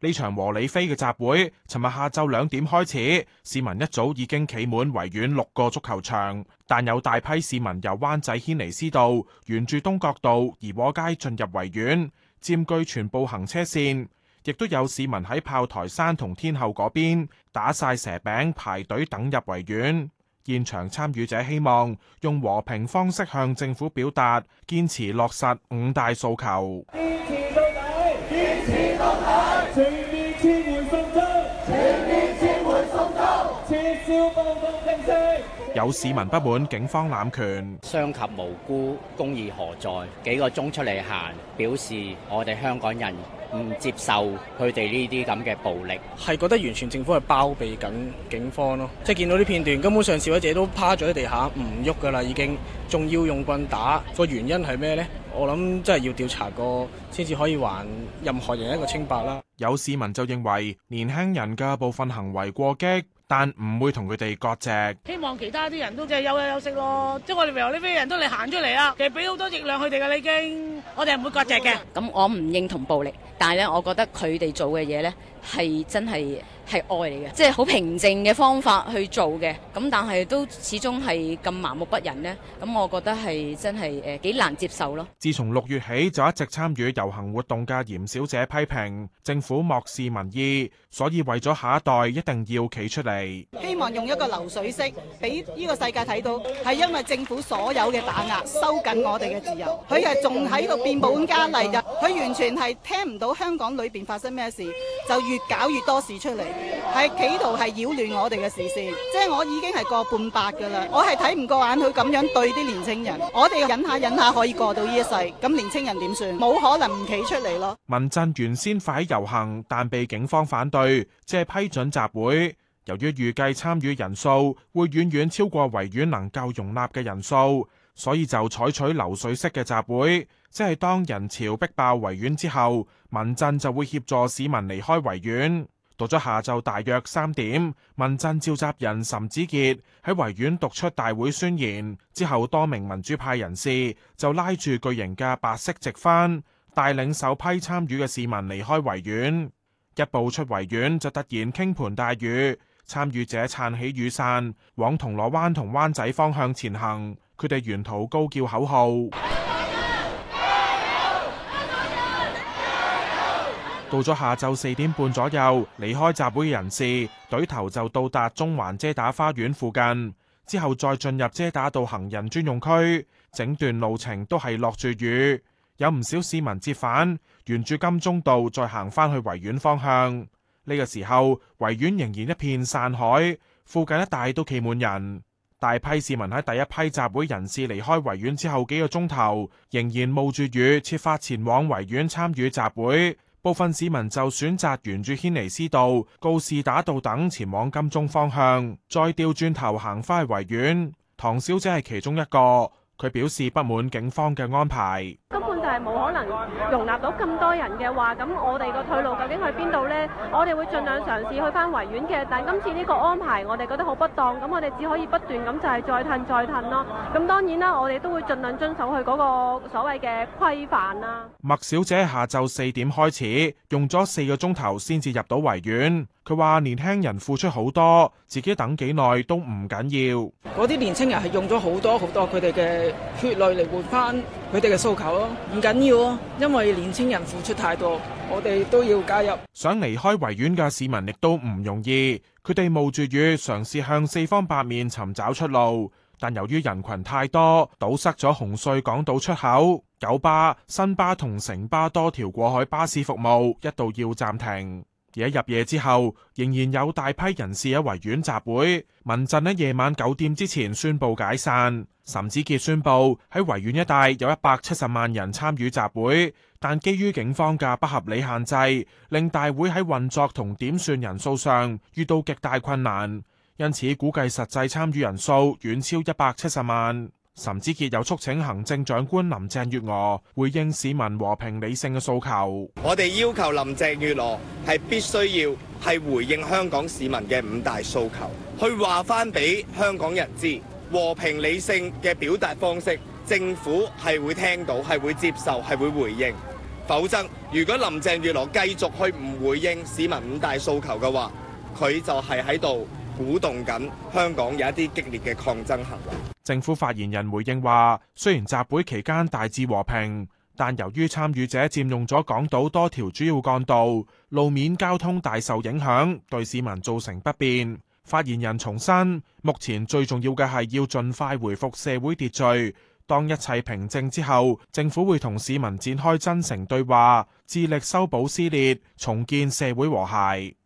呢場和理非嘅集會，尋日下晝兩點開始，市民一早已經企滿維園六個足球場，但有大批市民由灣仔軒尼詩道沿住東角道怡和街進入維園，佔據全部行車線，亦都有市民喺炮台山同天后嗰邊打晒蛇餅排隊等入維園。現場參與者希望用和平方式向政府表達，堅持落實五大訴求。有市民不滿警方濫權，傷及無辜，公義何在？幾個鐘出嚟行，表示我哋香港人唔接受佢哋呢啲咁嘅暴力，係覺得完全政府係包庇緊警方咯。即係見到啲片段，根本上示威者都趴咗喺地下，唔喐噶啦，已經仲要用棍打。個原因係咩呢？我諗真係要調查過，先至可以還任何人一個清白啦。有市民就認為年輕人嘅部分行為過激，但唔會同佢哋割席。希望其他啲人都有有、嗯、即係休一休息咯，即係我哋維呢啲人都嚟，行出嚟啦，其實俾好多力量佢哋嘅，已經，我哋係唔會割席嘅。咁、嗯、我唔認同暴力，但係咧，我覺得佢哋做嘅嘢咧係真係。係愛嚟嘅，即係好平靜嘅方法去做嘅。咁但係都始終係咁麻木不仁呢。咁我覺得係真係誒幾難接受咯。自從六月起就一直參與遊行活動嘅嚴小姐批評政府漠視民意，所以為咗下一代一定要企出嚟。希望用一個流水式俾呢個世界睇到，係因為政府所有嘅打壓收緊我哋嘅自由，佢係仲喺度變本加厲㗎。佢完全係聽唔到香港裏邊發生咩事，就越搞越多事出嚟。係企圖係擾亂我哋嘅視線，即係我已經係過半百噶啦，我係睇唔過眼佢咁樣對啲年青人。我哋忍下忍下可以過到呢一世，咁年青人點算？冇可能唔企出嚟咯。民陣原先發起遊行，但被警方反對，即係批准集會。由於預計參與人數會遠遠超過維園能夠容納嘅人數，所以就採取流水式嘅集會，即係當人潮逼爆維園之後，民陣就會協助市民離開維園。到咗下晝大約三點，民陣召集人岑子傑喺維園讀出大會宣言之後，多名民主派人士就拉住巨型嘅白色直幡，帶領首批參與嘅市民離開維園。一步出維園就突然傾盆大雨，參與者撐起雨傘往銅鑼灣同灣仔方向前行。佢哋沿途高叫口號。到咗下晝四點半左右，離開集會人士隊頭就到達中環遮打花園附近，之後再進入遮打道行人專用區，整段路程都係落住雨，有唔少市民折返沿住金鐘道再行返去維園方向。呢個時候，維園仍然一片散海，附近一帶都企滿人。大批市民喺第一批集會人士離開維園之後幾個鐘頭，仍然冒住雨，設法前往維園參與集會。部分市民就選擇沿住軒尼詩道、告士打道等前往金鐘方向，再掉轉頭行返維園。唐小姐係其中一個，佢表示不滿警方嘅安排。冇可能容納到咁多人嘅話，咁我哋個退路究竟去邊度呢？我哋會盡量嘗試去翻維園嘅，但今次呢個安排我哋覺得好不當，咁我哋只可以不斷咁就係再褪再褪咯。咁當然啦，我哋都會盡量遵守佢嗰個所謂嘅規範啦。麥小姐下晝四點開始，用咗四個鐘頭先至入到維園。佢話年輕人付出好多，自己等幾耐都唔緊要。嗰啲年輕人係用咗好多好多佢哋嘅血淚嚟換翻佢哋嘅訴求咯。緊要咯，因為年青人付出太多，我哋都要加入。想離開維園嘅市民亦都唔容易，佢哋冒住雨嘗試向四方八面尋找出路，但由於人群太多，堵塞咗紅隧港島出口、九巴、新巴同城巴多條過海巴士服務一度要暫停。而喺入夜之後，仍然有大批人士喺維園集會。民陣喺夜晚九點之前宣佈解散。岑子傑宣布喺維園一帶有一百七十萬人參與集會，但基於警方嘅不合理限制，令大會喺運作同點算人數上遇到極大困難，因此估計實際參與人數遠超一百七十萬。岑子傑有促請行政長官林鄭月娥回應市民和平理性嘅訴求。我哋要求林鄭月娥係必須要係回應香港市民嘅五大訴求，去話翻俾香港人知和平理性嘅表達方式，政府係會聽到，係會接受，係會回應。否則，如果林鄭月娥繼續去唔回應市民五大訴求嘅話，佢就係喺度鼓動緊香港有一啲激烈嘅抗爭行為。政府發言人回應話，雖然集會期間大致和平，但由於參與者佔用咗港島多條主要幹道，路面交通大受影響，對市民造成不便。發言人重申，目前最重要嘅係要盡快回復社會秩序。當一切平靜之後，政府會同市民展開真誠對話，致力修補撕裂，重建社會和諧。